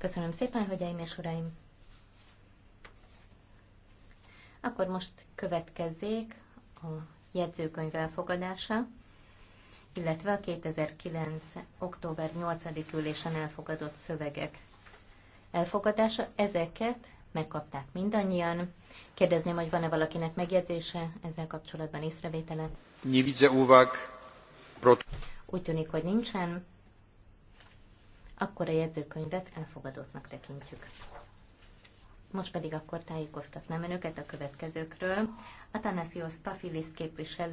Köszönöm szépen, hölgyeim és uraim! Akkor most következzék a jegyzőkönyv elfogadása, illetve a 2009. október 8. ülésen elfogadott szövegek elfogadása. Ezeket megkapták mindannyian. Kérdezném, hogy van-e valakinek megjegyzése ezzel kapcsolatban észrevétele? Úgy tűnik, hogy nincsen akkor a jegyzőkönyvet elfogadottnak tekintjük. Most pedig akkor tájékoztatnám önöket a következőkről. Atanasios Pafilis képviselő